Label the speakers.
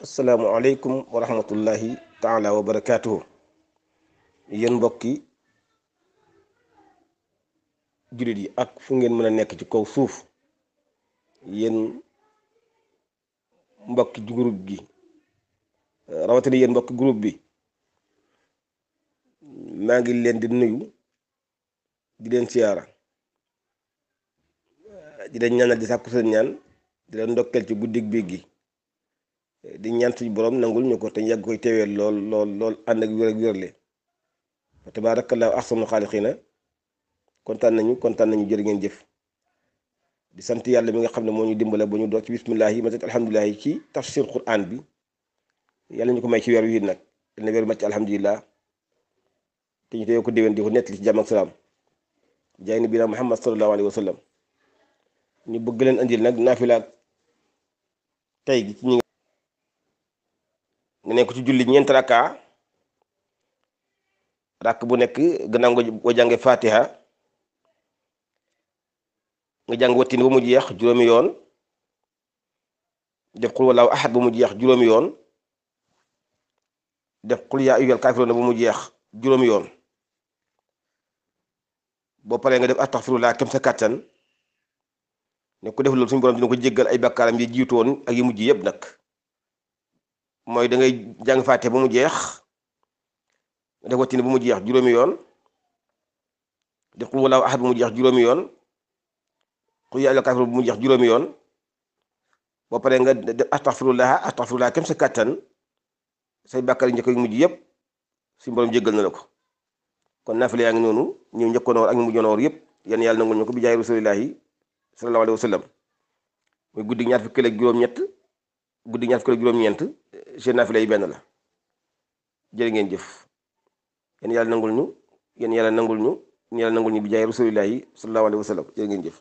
Speaker 1: asalaamualeykum wa rahmatullahi taala wa barakaatuhu yéen mbokki jullit yi ak fu ngeen mën a nekk ci kaw suuf yéen mbokki groupe gi rawatina yéen mbokki groupe bi maa ngi leen di nuyu di leen siyaara di leen ñaanal di sàkku seen ñaan di leen ndokkeel ci guddig bi gi di ñaan suñu borom nangul ñu ko te yàgg koy teeweel lool lool lool ànd ak wér ak wérle tabaarakallaahu axsanu xaaliqiina kontaan nañu kontaan nañu jërë ngeen jëf di sant yàlla mi nga xam ne moo ñu dimbale ba ñu doog ci bisimilah yi ma tëj alhamdulilah yi ci tafsir quran bi yàlla ñu ko may ci weer wi nag dina weer màcc alhamdulilah te ñu teyoo ko déwén di ko nettali ci jàmm ak salaam jaay na Muhammad sallallahu alayhi wa ñu bëgg leen andil nag naafila ni nek ci julli ñent rakka rak bu nek gannaaw nga boo fatiha nga jàng wattin bu mu jeex juroomi yoon def qul wallahu ahad bu mu jeex juroomi yoon def qul ya ayyuhal kafirun bu mu jeex juroomi yoon bo paree nga def astaghfirullah kam sa ne ko def lu suñu borom dina ko jéggal ay bakaram yi jitu won ak yi mujj yëpp moy da ngay jang faté bu mu jeex da ko tin bu mu jeex juromi yoon di qul wallahu ahad bu mu jeex juromi yoon qul ya ayyuhal kafir bu mu jeex juromi yoon bo paree nga def astaghfirullah astaghfirullah kam sa kàttan say bàkkaar ñeek yu mujj yëpp suñu borom jéggal na lako kon naafila ya ngi nonu ñu njëkkoon nor ak mu jono woor yëpp yan yàlla nangul ñuko bi jaay rasulillahi sallallahu alaihi wasallam sallam muy guddi ñaar fukki ak juroom ñett guddi ñaar fukki ak juroom ñent seen naafila yi benn la jërë ngeen jëf yéen yàlla nangul ñu yéen yàlla nangul ñu yéen yàlla nangul ñu bi jaay rasulillahi sallallahu alayhi wa sallam jërë ngeen jëf